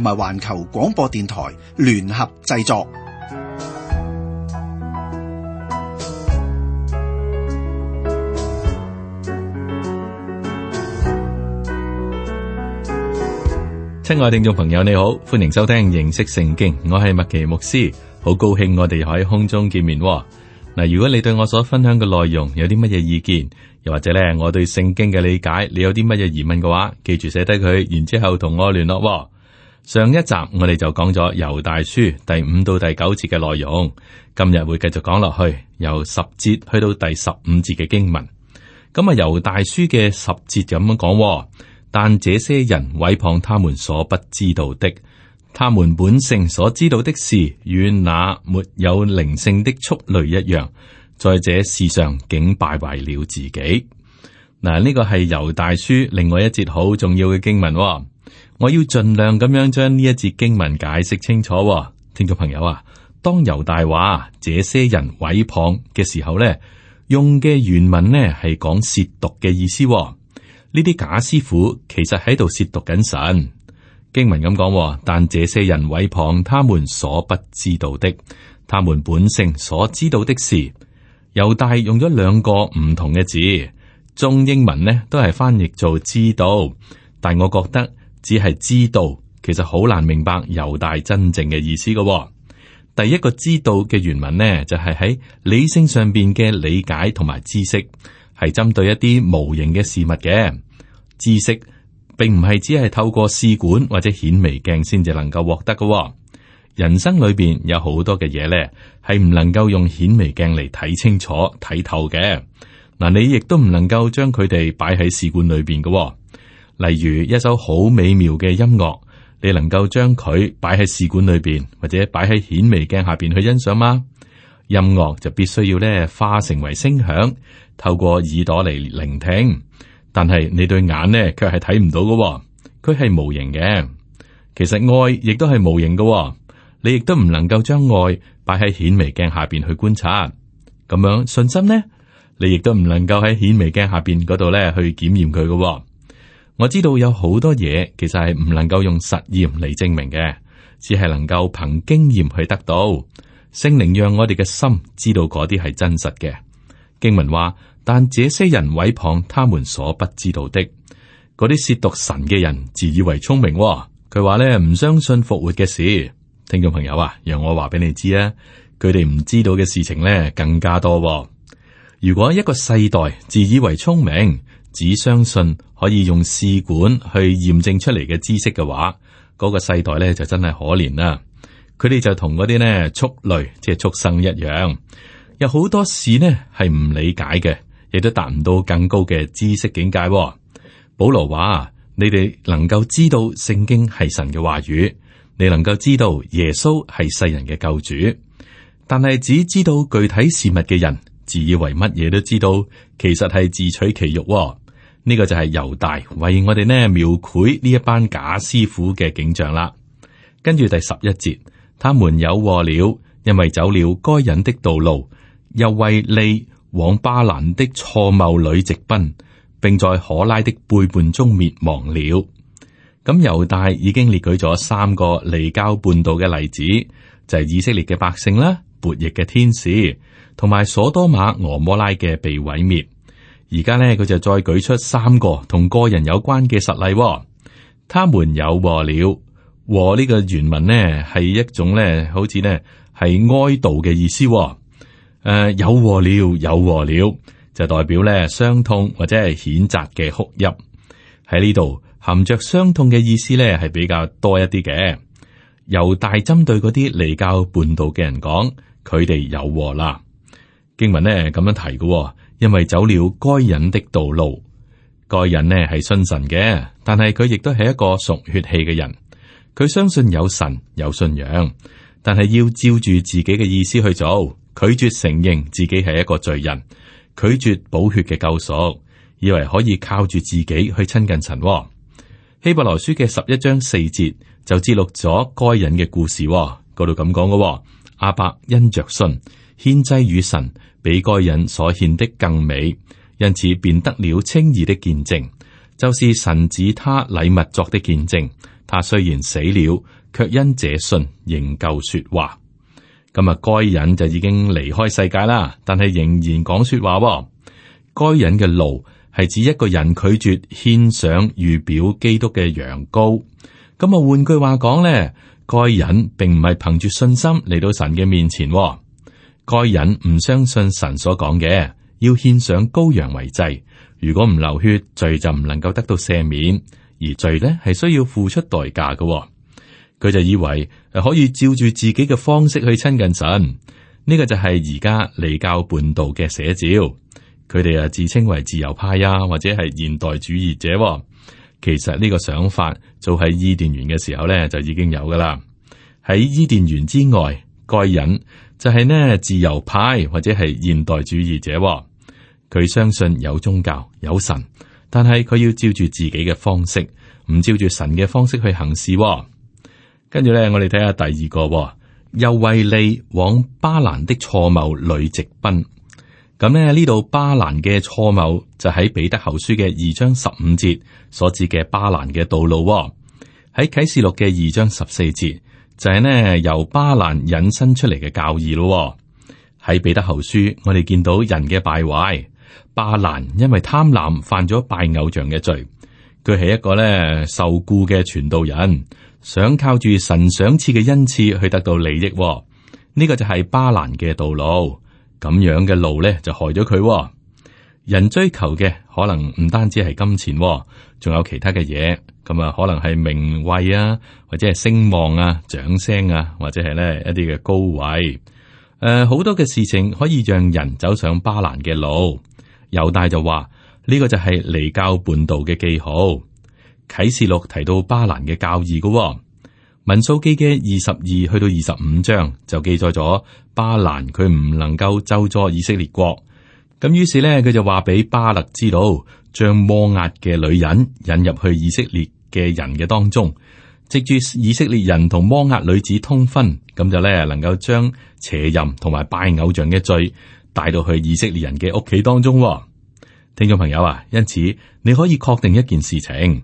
同埋環球廣播電台聯合製作。親愛聽眾朋友，你好，歡迎收聽認識聖經。我係麥奇牧師，好高興我哋喺空中見面嗱。如果你對我所分享嘅內容有啲乜嘢意見，又或者咧我對聖經嘅理解，你有啲乜嘢疑問嘅話，記住寫低佢，然之後同我聯絡。上一集我哋就講咗《猶大書》第五到第九節嘅內容，今日會繼續講落去，由十節去到第十五節嘅經文。咁啊，《猶大書》嘅十節就咁樣講，但這些人毀謗他們所不知道的，他們本性所知道的事，與那沒有靈性的畜類一樣，在這事上竟敗壞了自己。嗱，呢個係《猶大書》另外一節好重要嘅經文。我要盡量咁樣將呢一節經文解釋清楚。哦，聽眾朋友啊。當猶大話這些人毀謗嘅時候呢，用嘅原文呢係講褻瀆嘅意思，哦。呢啲假師傅其實喺度褻瀆緊神，經文咁講，哦，但這些人毀謗他們所不知道的，他們本性所知道的事，猶大用咗兩個唔同嘅字，中英文呢都係翻譯做知道，但我覺得。只係知道，其實好難明白猶大真正嘅意思㗎喎。第一個知道嘅原文呢，就係、是、喺理性上邊嘅理解同埋知識，係針對一啲無形嘅事物嘅知識，並唔係只係透過試管或者顯微鏡先至能夠獲得㗎喎。人生裏邊有好多嘅嘢呢，係唔能夠用顯微鏡嚟睇清楚、睇透嘅。嗱，你亦都唔能夠將佢哋擺喺試管裏邊㗎喎。例如一首好美妙嘅音樂，你能夠將佢擺喺試管裏邊，或者擺喺顯微鏡下邊去欣賞嗎？音樂就必須要咧化成為聲響，透過耳朵嚟聆聽。但係你對眼咧，卻係睇唔到噶喎，佢係無形嘅。其實愛亦都係無形噶，你亦都唔能夠將愛擺喺顯微鏡下邊去觀察。咁樣信心呢，你亦都唔能夠喺顯微鏡下邊嗰度咧去檢驗佢噶。我知道有好多嘢其實係唔能夠用實驗嚟證明嘅，只係能夠憑經驗去得到。聖靈讓我哋嘅心知道嗰啲係真實嘅。經文話，但這些人毀謗他們所不知道的，嗰啲褻瀆神嘅人自以為聰明、哦。佢話咧唔相信復活嘅事。聽眾朋友啊，讓我話俾你知啊，佢哋唔知道嘅事情咧更加多、哦。如果一個世代自以為聰明，只相信可以用試管去驗證出嚟嘅知識嘅話，嗰個世代咧就真係可憐啦。佢哋就同嗰啲呢畜類，即係畜生一樣，有好多事呢係唔理解嘅，亦都達唔到更高嘅知識境界喎。保羅話，你哋能夠知道聖經係神嘅話語，你能夠知道耶穌係世人嘅救主，但係只知道具體事物嘅人。自以為乜嘢都知道，其實係自取其辱、哦。呢、這個就係猶大為我哋呢描繪呢一班假師傅嘅景象啦。跟住第十一節，他們有禍了，因為走了該隱的道路，又為利往巴蘭的錯謬裏直奔，並在可拉的背叛中滅亡了。咁猶大已經列舉咗三個離教叛道嘅例子，就係、是、以色列嘅百姓啦，叛逆嘅天使。同埋所多瑪俄摩拉嘅被毀滅，而家咧佢就再舉出三個同個人有關嘅實例、哦。他們有禍了，禍呢個原文咧係一種咧，好似咧係哀悼嘅意思、哦。誒、呃，有禍了，有禍了，就代表咧傷痛或者係譴責嘅哭泣。喺呢度含着傷痛嘅意思咧係比較多一啲嘅。猶大針對嗰啲離教叛道嘅人講，佢哋有禍啦。經文呢咁樣提嘅、哦，因為走了該隱的道路，該隱呢係信神嘅，但係佢亦都係一個屬血氣嘅人，佢相信有神有信仰，但係要照住自己嘅意思去做，拒絕承認自己係一個罪人，拒絕補血嘅救贖，以為可以靠住自己去親近神、哦。希伯來書嘅十一章四節就記錄咗該隱嘅故事、哦，嗰度咁講嘅，阿伯因着信獻祭與神。比該人所獻的更美，因此便得了稱義的見證，就是神指他禮物作的見證。他雖然死了，却因這信仍舊說話。咁啊，該人就已經離開世界啦，但係仍然講說話。該人嘅路係指一個人拒絕獻上預表基督嘅羊羔。咁啊，換句話講呢，該人並唔係憑住信心嚟到神嘅面前。該隱唔相信神所講嘅，要獻上羔羊為祭。如果唔流血，罪就唔能夠得到赦免。而罪呢，係需要付出代價嘅、哦。佢就以為可以照住自己嘅方式去親近神。呢、呢個就係而家離教叛道嘅寫照。佢哋啊自稱為自由派啊，或者係現代主義者、哦。其實呢個想法早喺伊甸園嘅時候呢，就已經有噶啦。喺伊甸園之外。該隱就係呢，自由派或者係現代主義者，佢相信有宗教有神，但係佢要照住自己嘅方式，唔照住神嘅方式去行事。跟住咧，我哋睇下第二個，又為利往巴蘭的錯謬裏直奔。咁咧，呢度巴蘭嘅錯謬就喺彼得後書嘅二章十五節所指嘅，巴蘭嘅道路，喺啟示錄嘅二章十四節。就係呢由巴蘭引申出嚟嘅教義咯、哦，喺彼得後書，我哋見到人嘅敗壞，巴蘭因為貪婪犯咗拜偶像嘅罪，佢係一個呢受僱嘅傳道人，想靠住神賞賜嘅恩賜去得到利益、哦，呢、這個就係巴蘭嘅道路，咁樣嘅路咧就害咗佢、哦。人追求嘅可能唔單止係金錢、哦，仲有其他嘅嘢，咁啊，可能係名位啊，或者係聲望啊、掌聲啊，或者係咧一啲嘅高位。誒、呃，好多嘅事情可以讓人走上巴蘭嘅路。猶大就話呢、這個就係離教叛道嘅記號。啟示錄提到巴蘭嘅教義噶、哦《民數記》嘅二十二去到二十五章就記載咗巴蘭佢唔能夠咒詛以色列國。咁於是呢，佢就話俾巴勒知道，將摩押嘅女人引入去以色列嘅人嘅當中，藉住，以色列人同摩押女子通婚，咁就呢，能夠將邪淫同埋拜偶像嘅罪帶到去以色列人嘅屋企當中。聽眾朋友啊，因此你可以確定一件事情：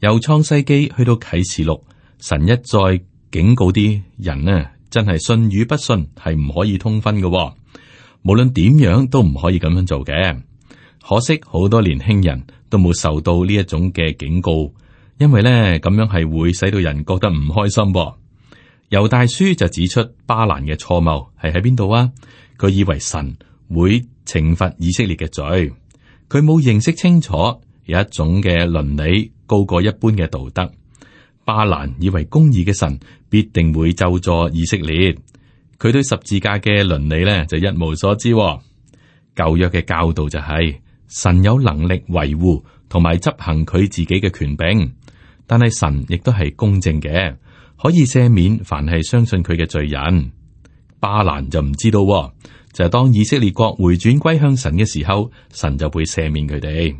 由創世紀去到啟示錄，神一再警告啲人咧，啊，真係信與不信係唔可以通婚嘅。無論點樣都唔可以咁樣做嘅，可惜好多年輕人都冇受到呢一種嘅警告，因為呢咁樣係會使到人覺得唔開心。猶大書就指出巴蘭嘅錯謬係喺邊度啊？佢以為神會懲罰以色列嘅罪，佢冇認識清楚有一種嘅倫理高過一般嘅道德。巴蘭以為公義嘅神必定會咒詛以色列。佢對十字架嘅倫理呢，就一無所知、喎。舊約嘅教導就係、是、神有能力維護同埋執行佢自己嘅權柄，但係神亦都係公正嘅，可以赦免凡係相信佢嘅罪人。巴蘭就唔知道、喎，就係、是、當以色列國回轉歸向神嘅時候，神就會赦免佢哋。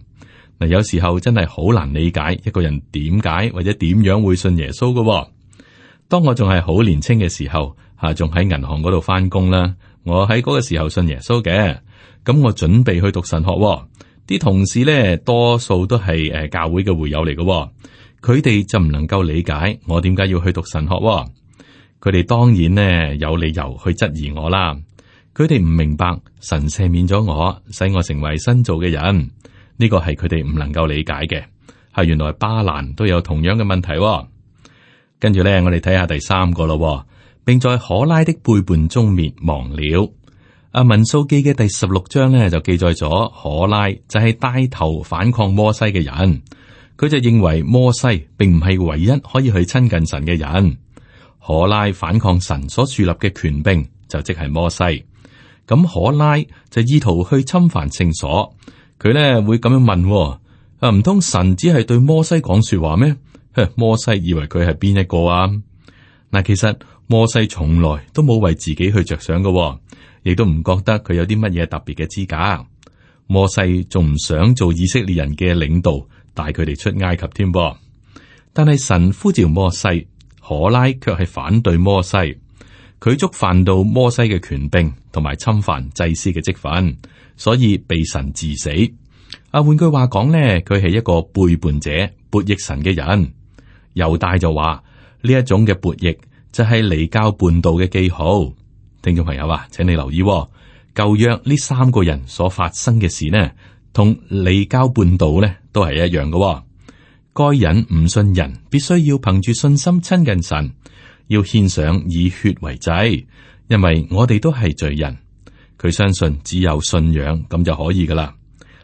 嗱，有時候真係好難理解一個人點解或者點樣會信耶穌嘅、喎。當我仲係好年輕嘅時候。啊，仲喺銀行嗰度翻工啦！我喺嗰個時候信耶穌嘅，咁我準備去讀神學。啲同事咧，多數都係誒教會嘅會友嚟嘅，佢哋就唔能夠理解我點解要去讀神學。佢哋當然呢，有理由去質疑我啦。佢哋唔明白神赦免咗我，使我成為新造嘅人，呢個係佢哋唔能夠理解嘅。係原來巴蘭都有同樣嘅問題。跟住咧，我哋睇下第三個咯。並在可拉的背叛中滅亡了。阿，民數記嘅第十六章呢，就記載咗可拉就係帶頭反抗摩西嘅人，佢就認為摩西並唔係唯一可以去親近神嘅人。可拉反抗神所樹立嘅權柄就即係摩西，咁可拉就意圖去侵犯聖所。佢呢會咁樣問、哦：啊，唔通神只係對摩西講說話咩？摩西以為佢係邊一個啊？嗱，其實摩西從來都冇為自己去着想㗎，哦，亦都唔覺得佢有啲乜嘢特別嘅資格。摩西仲唔想做以色列人嘅領導，帶佢哋出埃及添。但係神呼召摩西，可拉卻係反對摩西，佢觸犯到摩西嘅權柄，同埋侵犯祭司嘅職份，所以被神致死。啊，換句話講呢，佢係一個背叛者，悖逆神嘅人。猶大就話。呢一種嘅撥譯就係、是、離經叛道嘅記號，聽眾朋友啊，請你留意、哦、舊約呢三個人所發生嘅事呢，同離經叛道呢都係一樣嘅、哦。該隱唔信人，必須要憑住信心親近神，要獻上以血為祭，因為我哋都係罪人。佢相信只有信仰咁就可以噶啦。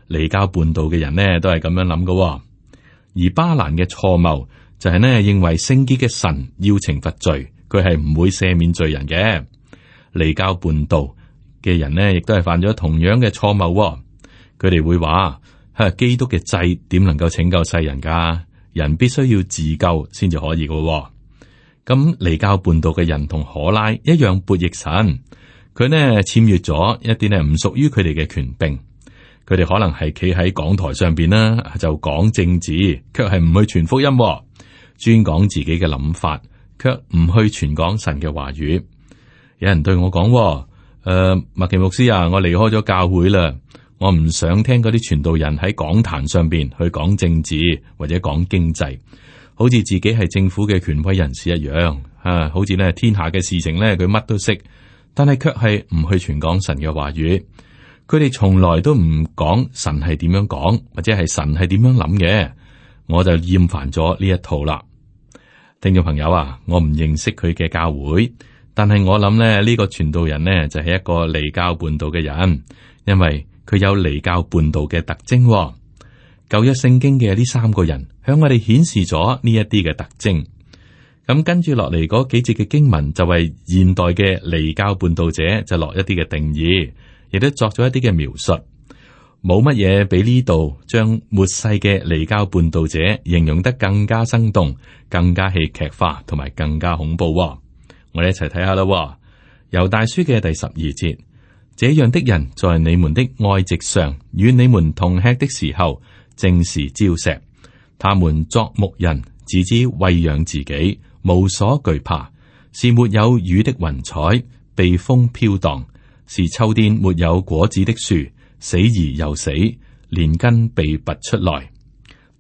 離經叛道嘅人呢，都係咁樣諗噶、哦。而巴蘭嘅錯謬。就係呢，認為聖潔嘅神要懲罰罪，佢係唔會赦免罪人嘅。離教叛道嘅人呢，亦都係犯咗同樣嘅錯誤。佢哋會話：哈、啊，基督嘅祭點能夠拯救世人？噶，人必須要自救先至可以嘅、哦。咁離教叛道嘅人同可拉一樣，悖逆神，佢呢僭越咗一啲呢唔屬於佢哋嘅權柄。佢哋可能係企喺講台上邊啦，就講政治，卻係唔去傳福音、哦。專講自己嘅諗法，卻唔去傳講神嘅話語。有人對我講：誒、呃，麥奇牧師啊，我離開咗教會啦，我唔想聽嗰啲傳道人喺講壇上邊去講政治或者講經濟，好似自己係政府嘅權威人士一樣啊。好似呢天下嘅事情呢，佢乜都識，但係卻係唔去傳講神嘅話語。佢哋從來都唔講神係點樣講，或者係神係點樣諗嘅，我就厭煩咗呢一套啦。聽眾朋友啊，我唔認識佢嘅教會，但係我諗咧呢個傳道人呢，就係一個離教叛道嘅人，因為佢有離教叛道嘅特徵、哦。舊約聖經嘅呢三個人向我哋顯示咗呢一啲嘅特徵。咁、嗯、跟住落嚟嗰幾節嘅經文就為現代嘅離教叛道者就落一啲嘅定義，亦都作咗一啲嘅描述。冇乜嘢比呢度將末世嘅離教叛道者形容得更加生動，更加戲劇化，同埋更加恐怖哦。我哋一齊睇下啦。猶大書嘅第十二節，這樣的人在你們的愛席上與你們同吃的時候，正是礁石。他們作牧人，只知餵養自己，無所懼怕，是沒有雨的雲彩，被風飄蕩，是秋天沒有果子的樹。死而又死，連根被拔出來。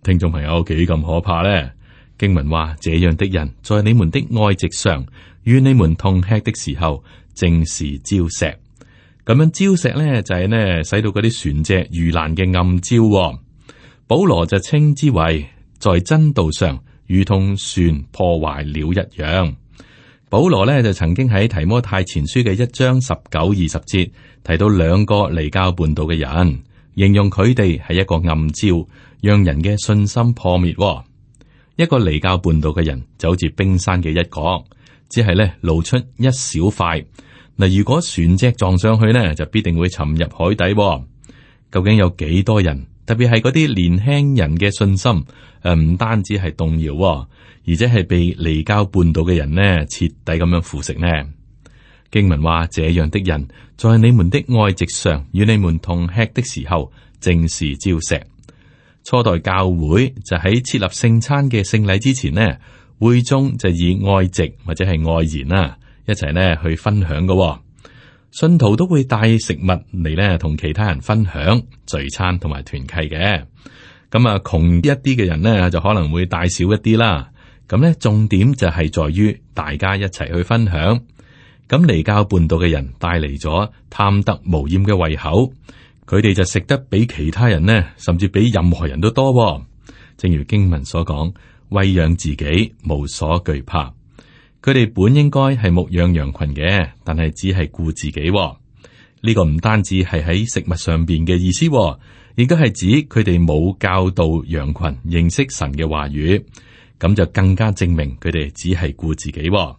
聽眾朋友幾咁可怕呢？經文話這樣的人在你們的愛席上，與你們痛吃的時候，正是礁石。咁樣礁石呢，就係、是、呢，使到嗰啲船隻遇難嘅暗礁，哦。保羅就稱之為在真道上如同船破壞了一樣。保羅呢，就曾經喺提摩太前書嘅一章十九二十節。提到兩個離經叛道嘅人，形容佢哋係一個暗礁，讓人嘅信心破滅。一個離經叛道嘅人就好似冰山嘅一角，只係咧露出一小塊。嗱，如果船隻撞上去呢，就必定會沉入海底。究竟有幾多人，特別係嗰啲年輕人嘅信心，誒唔單止係動搖，而且係被離經叛道嘅人呢徹底咁樣腐蝕呢。經文話：這樣的人，在你們的愛席上與你們同吃的時候，正是礁石。初代教會就喺設立聖餐嘅聖禮之前呢，會中就以愛席或者係愛筵啦，一齊呢去分享嘅。信徒都會帶食物嚟呢同其他人分享聚餐同埋團契嘅。咁啊，窮一啲嘅人呢，就可能會帶少一啲啦。咁呢，重點就係在於大家一齊去分享。咁離教叛道嘅人帶嚟咗貪得無厭嘅胃口，佢哋就食得比其他人呢，甚至比任何人都多，哦。正如經文所講，餵養自己無所懼怕。佢哋本應該係牧養羊群嘅，但係只係顧自己，哦。呢、這個唔單止係喺食物上邊嘅意思，哦，亦都係指佢哋冇教導羊群認識神嘅話語，咁就更加證明佢哋只係顧自己，哦。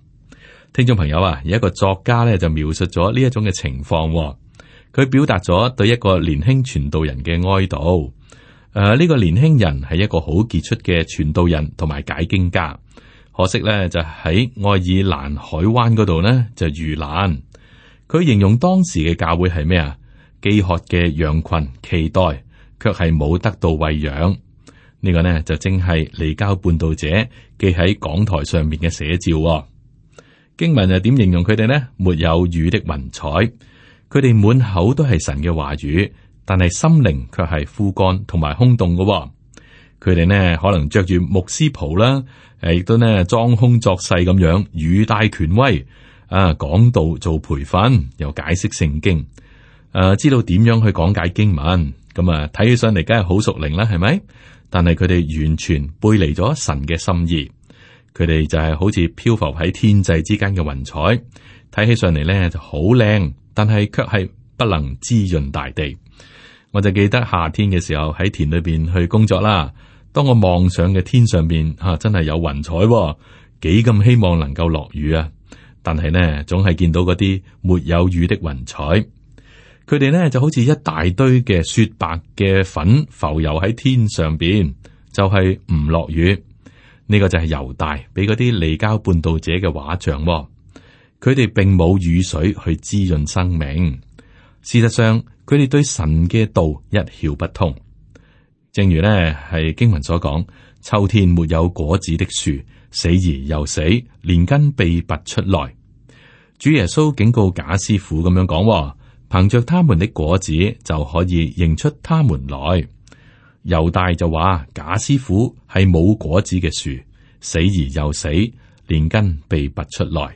聽眾朋友啊，有一個作家咧就描述咗呢一種嘅情況，佢表達咗對一個年輕傳道人嘅哀悼。誒、呃，呢、這個年輕人係一個好傑出嘅傳道人同埋解經家，可惜咧就喺愛爾蘭海灣嗰度咧就遇難。佢形容當時嘅教會係咩啊？飢渴嘅羊群期待，卻係冇得到餵養。這個、呢個咧就正係離交叛道者記喺講台上面嘅寫照、哦。經文又點形容佢哋呢？「沒有雨的雲彩」，佢哋滿口都係神嘅話語，但係心靈卻係枯乾同埋空洞嘅、哦。佢哋呢可能着住牧師袍啦，係、啊、亦都咧裝腔作勢咁樣，語帶權威啊，講道做培訓又解釋聖經，誒、啊，知道點樣去講解經文，咁啊，睇起上嚟梗係好屬靈啦，係咪？但係佢哋完全背離咗神嘅心意。佢哋就係好似漂浮喺天際之間嘅雲彩，睇起上嚟，咧就好靚，但係卻係不能滋潤大地。我就記得夏天嘅時候喺田裏邊去工作啦。當我望上嘅天上邊，吓、啊、真係有雲彩，幾咁希望能夠落雨啊！但係呢，總係見到嗰啲沒有雨的雲彩，佢哋呢就好似一大堆嘅雪白嘅粉浮游喺天上邊，就係唔落雨。呢個就係猶大俾嗰啲離交叛道者嘅畫像、哦，佢哋並冇雨水去滋潤生命。事實上，佢哋對神嘅道一竅不通。正如呢，係經文所講，秋天沒有果子的樹，死而又死，連根被拔出來。主耶穌警告假師傅咁樣講、哦，憑着他們的果子就可以認出他們來。猶大就話假師傅係冇果子嘅樹，死而又死，連根被拔出來。誒、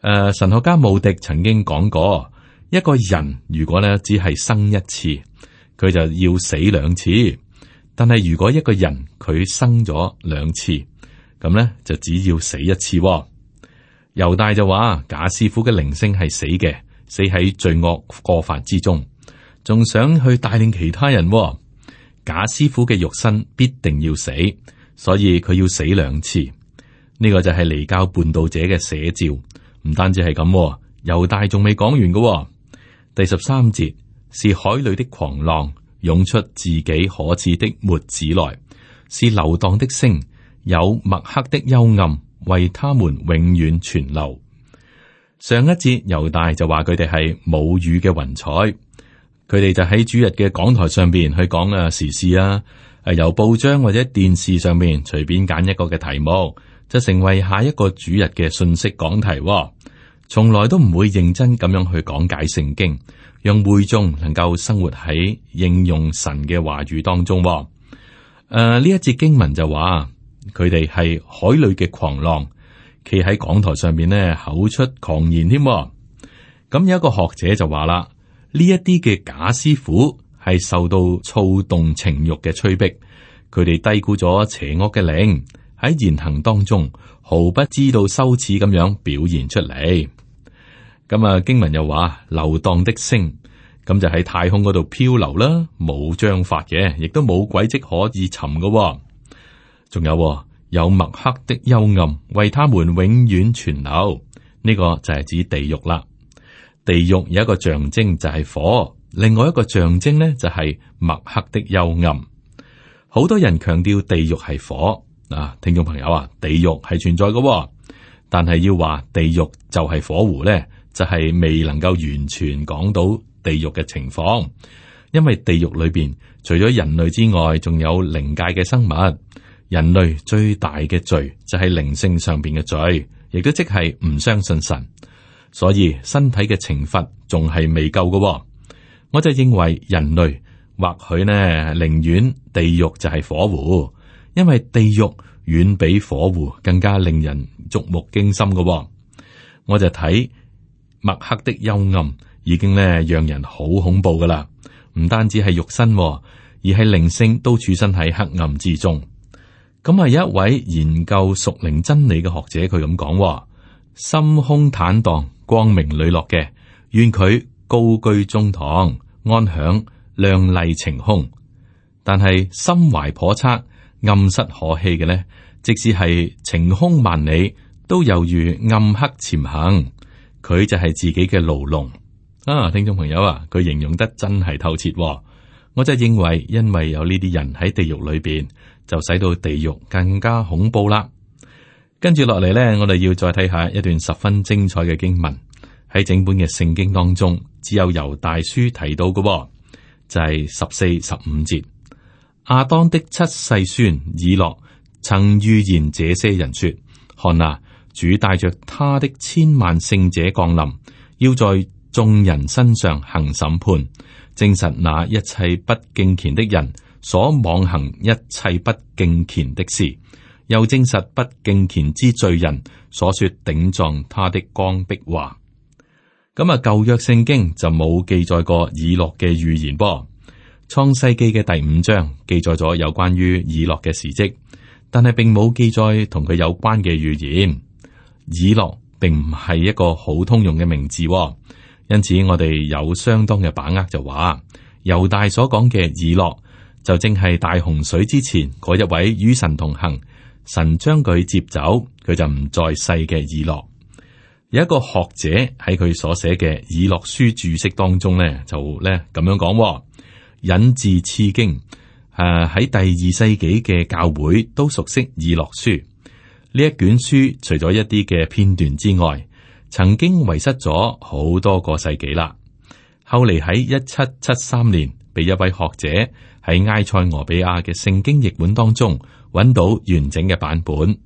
呃，神學家穆迪曾經講過，一個人如果咧只係生一次，佢就要死兩次。但係如果一個人佢生咗兩次，咁呢就只要死一次、哦。猶大就話假師傅嘅靈性係死嘅，死喺罪惡過犯之中，仲想去帶領其他人、哦。假師傅嘅肉身必定要死，所以佢要死兩次。呢、這個就係離教叛道者嘅寫照。唔單止係咁，猶大仲未講完嘅、哦。第十三節是海裏的狂浪湧出自己可恥的沫子來，是流蕩的星，有墨黑的幽暗為他們永遠存留。上一節猶大就話佢哋係冇雨嘅雲彩。佢哋就喺主日嘅講台上邊去講啊時事啊，誒由報章或者電視上面隨便揀一個嘅題目，就成為下一個主日嘅信息講題、哦。從來都唔會認真咁樣去講解聖經，讓會眾能夠生活喺應用神嘅話語當中、哦。誒、啊，呢一節經文就話，佢哋係海裏嘅狂浪，企喺講台上邊呢，口出狂言添。咁、嗯、有一個學者就話啦。呢一啲嘅假師傅係受到躁動情欲嘅催迫，佢哋低估咗邪惡嘅靈喺言行當中毫不知道羞恥咁樣表現出嚟。咁啊經文又話流蕩的星，咁就喺太空嗰度漂流啦，冇章法嘅，亦都冇軌跡可以尋噶、哦。仲有，哦、有墨黑的幽暗為他們永遠存留，呢、呢個就係指地獄啦。地獄有一個象徵就係火，另外一個象徵呢就係墨黑的幽暗。好多人強調地獄係火啊，聽眾朋友啊，地獄係存在噶，但係要話地獄就係火湖呢，就係、是、未能夠完全講到地獄嘅情況，因為地獄裏邊除咗人類之外，仲有靈界嘅生物。人類最大嘅罪就係靈性上邊嘅罪，亦都即係唔相信神。所以身體嘅懲罰仲係未夠嘅、哦，我就認為人類或許呢寧願地獄就係火湖，因為地獄遠比火湖更加令人觸目驚心嘅、哦。我就睇墨黑的幽暗已經呢讓人好恐怖噶啦，唔單止係肉身、哦，而係靈性都處身喺黑暗之中。咁係有一位研究屬靈真理嘅學者、哦，佢咁講：心胸坦蕩。光明磊落嘅，願佢高居中堂，安享亮麗晴空。但係心懷叵測、暗室可欺嘅呢，即使係晴空萬里，都猶如暗黑潛行。佢就係自己嘅牢籠啊！聽眾朋友啊，佢形容得真係透徹哦。我真係認為，因為有呢啲人喺地獄裏邊，就使到地獄更加恐怖啦。跟住落嚟呢我哋要再睇下一段十分精彩嘅經文，喺整本嘅聖經當中，只有猶大書提到嘅，就係、是、十四十五節。亞當的七世孫以諾曾預言這些人說：「看哪，主帶着他的千萬聖者降臨，要在眾人身上行審判，證實那一切不敬虔的人所妄行一切不敬虔的事。又證實不敬虔之罪人所說頂撞他的剛愎話，咁啊舊約聖經就冇記載過以諾嘅預言噃。創世紀嘅第五章記載咗有關於以諾嘅事跡，但係並冇記載同佢有關嘅預言。以諾並唔係一個好通用嘅名字，因此我哋有相當嘅把握就話猶大所講嘅以諾就正係大洪水之前嗰一位與神同行，神將佢接走，佢就唔再世嘅以諾。有一個學者喺佢所寫嘅《以諾書》注釋當中呢，就咧咁樣講引自《次經》啊。誒，喺第二世紀嘅教會都熟悉《以諾書》呢一卷書，除咗一啲嘅片段之外，曾經遺失咗好多個世紀啦。後嚟喺一七七三年，被一位學者喺埃塞俄比亞嘅聖經譯本當中。揾到完整嘅版本，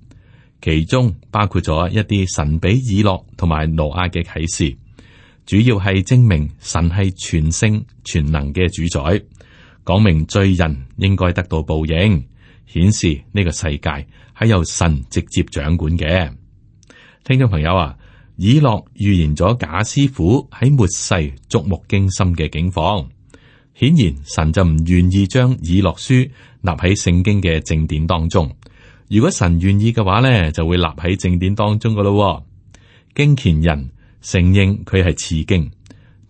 其中包括咗一啲神俾以諾同埋挪亞嘅啟示，主要係證明神係全勝全能嘅主宰，講明罪人應該得到報應，顯示呢個世界係由神直接掌管嘅。聽眾朋友啊，以諾預言咗假師傅喺末世觸目驚心嘅境況。顯然神就唔願意將以諾書立喺聖經嘅正典當中。如果神願意嘅話咧，就會立喺正典當中噶咯。經虔人承認佢係次經，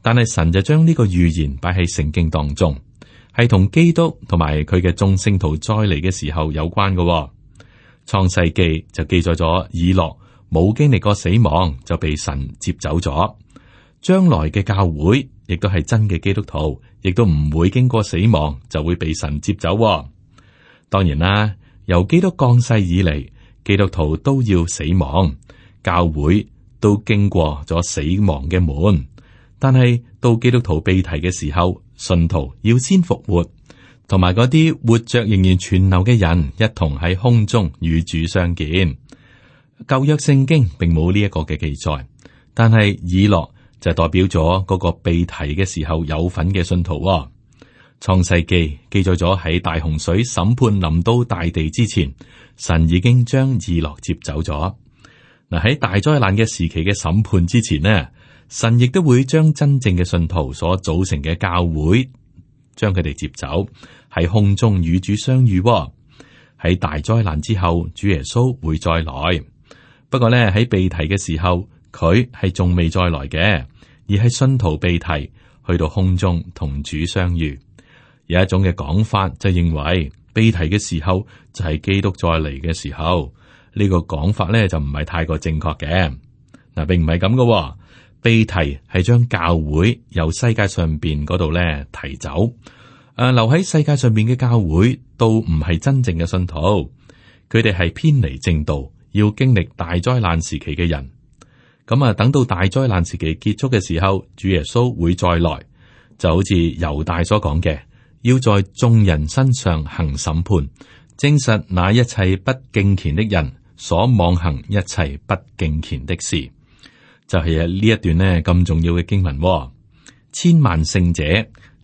但係神就將呢個預言擺喺聖經當中，係同基督同埋佢嘅眾聖徒再嚟嘅時候有關噶。創世記就記載咗以諾冇經歷過死亡就被神接走咗。將來嘅教會亦都係真嘅基督徒，亦都唔會經過死亡就會被神接走，哦。當然啦，由基督降世以嚟，基督徒都要死亡，教會都經過咗死亡嘅門。但係到基督徒被提嘅時候，信徒要先復活，同埋嗰啲活着仍然存留嘅人，一同喺空中與主相見。舊約聖經並冇呢一個嘅記載，但係以諾。就代表咗嗰個被提嘅時候有份嘅信徒，哦。創世記記載咗喺大洪水審判臨到大地之前，神已經將以諾接走咗。嗱，喺大災難嘅時期嘅審判之前呢，神亦都會將真正嘅信徒所組成嘅教會，將佢哋接走，喺空中與主相遇，哦。喺大災難之後，主耶穌會再來。不過呢喺被提嘅時候。佢係仲未再來嘅，而係信徒被提去到空中同主相遇。有一種嘅講法就認為，被提嘅時候就係基督再嚟嘅時候。這個、呢個講法咧就唔係太過正確嘅，嗱、啊，並唔係咁噶。被提係將教會由世界上邊嗰度咧提走，誒、啊、留喺世界上邊嘅教會都唔係真正嘅信徒，佢哋係偏離正道，要經歷大災難時期嘅人。咁啊！等到大災難時期結束嘅時候，主耶穌會再來，就好似猶大所講嘅，要在眾人身上行審判，證實那一切不敬虔的人所妄行一切不敬虔的事。就係呀呢一段呢咁重要嘅經文，哦。千萬聖者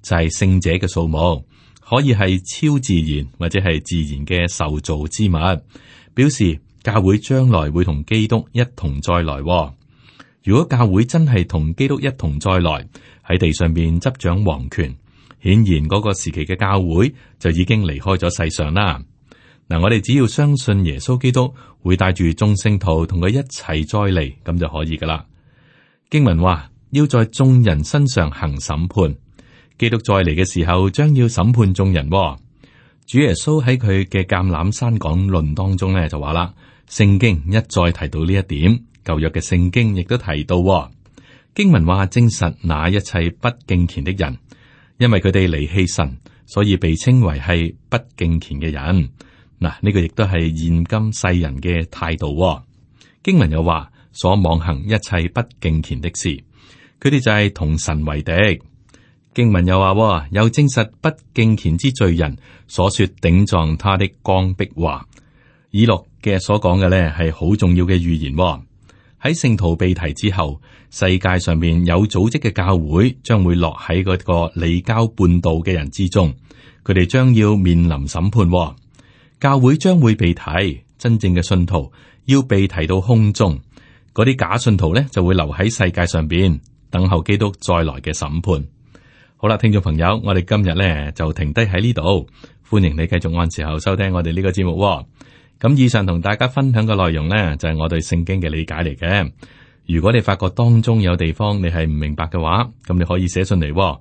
就係、是，聖者嘅數目，可以係超自然或者係自然嘅受造之物，表示教會將來會同基督一同再來，哦。如果教會真係同基督一同再來喺地上邊執掌皇權，顯然嗰個時期嘅教會就已經離開咗世上啦。嗱、嗯，我哋只要相信耶穌基督會帶住眾聖徒同佢一齊再嚟，咁就可以噶啦。經文話要在眾人身上行審判，基督再嚟嘅時候將要審判眾人、哦。主耶穌喺佢嘅橄欖山講論當中咧就話啦，聖經一再提到呢一點。舊約嘅聖經亦都提到，經文話，證實那一切不敬虔的人，因為佢哋離棄神，所以被稱為係不敬虔嘅人。嗱，呢個亦都係現今世人嘅態度。經文又話，所妄行一切不敬虔的事，佢哋就係同神為敵。經文又話，又證實不敬虔之罪人所說頂撞他的剛愎話。以諾嘅所講嘅咧，係好重要嘅預言。喺聖徒被提之後，世界上面有組織嘅教會將會落喺嗰個離教叛道嘅人之中，佢哋將要面臨審判哦。教會將會被提，真正嘅信徒要被提到空中，嗰啲假信徒呢，就會留喺世界上邊等候基督再來嘅審判。好啦，聽眾朋友，我哋今日呢，就停低喺呢度，歡迎你繼續按時候收聽我哋呢個節目哦。咁以上同大家分享嘅內容呢，就係我對聖經嘅理解嚟嘅。如果你發覺當中有地方你係唔明白嘅話，咁你可以寫信嚟，我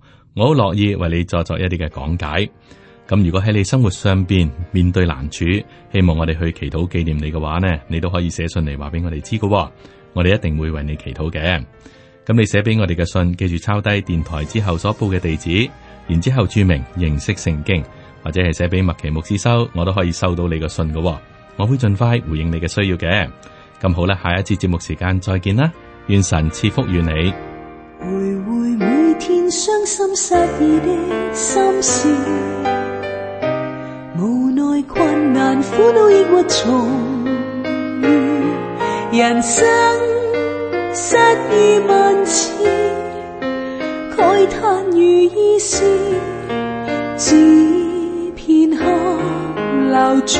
好樂意為你作作一啲嘅講解。咁如果喺你生活上邊面對難處，希望我哋去祈禱紀念你嘅話呢，你都可以寫信嚟話俾我哋知噶，我哋一定會為你祈禱嘅。咁你寫俾我哋嘅信，記住抄低電台之後所報嘅地址，然之後注明認識聖經，或者係寫俾麥奇牧師收，我都可以收到你嘅信嘅。我會盡快回應你嘅需要嘅，咁好啦，下一次節目時間再見啦，願神賜福與你。回回每天傷心失意嘅心事，無奈困難苦惱抑鬱，人生失意萬千慨嘆，如意事只片刻留住。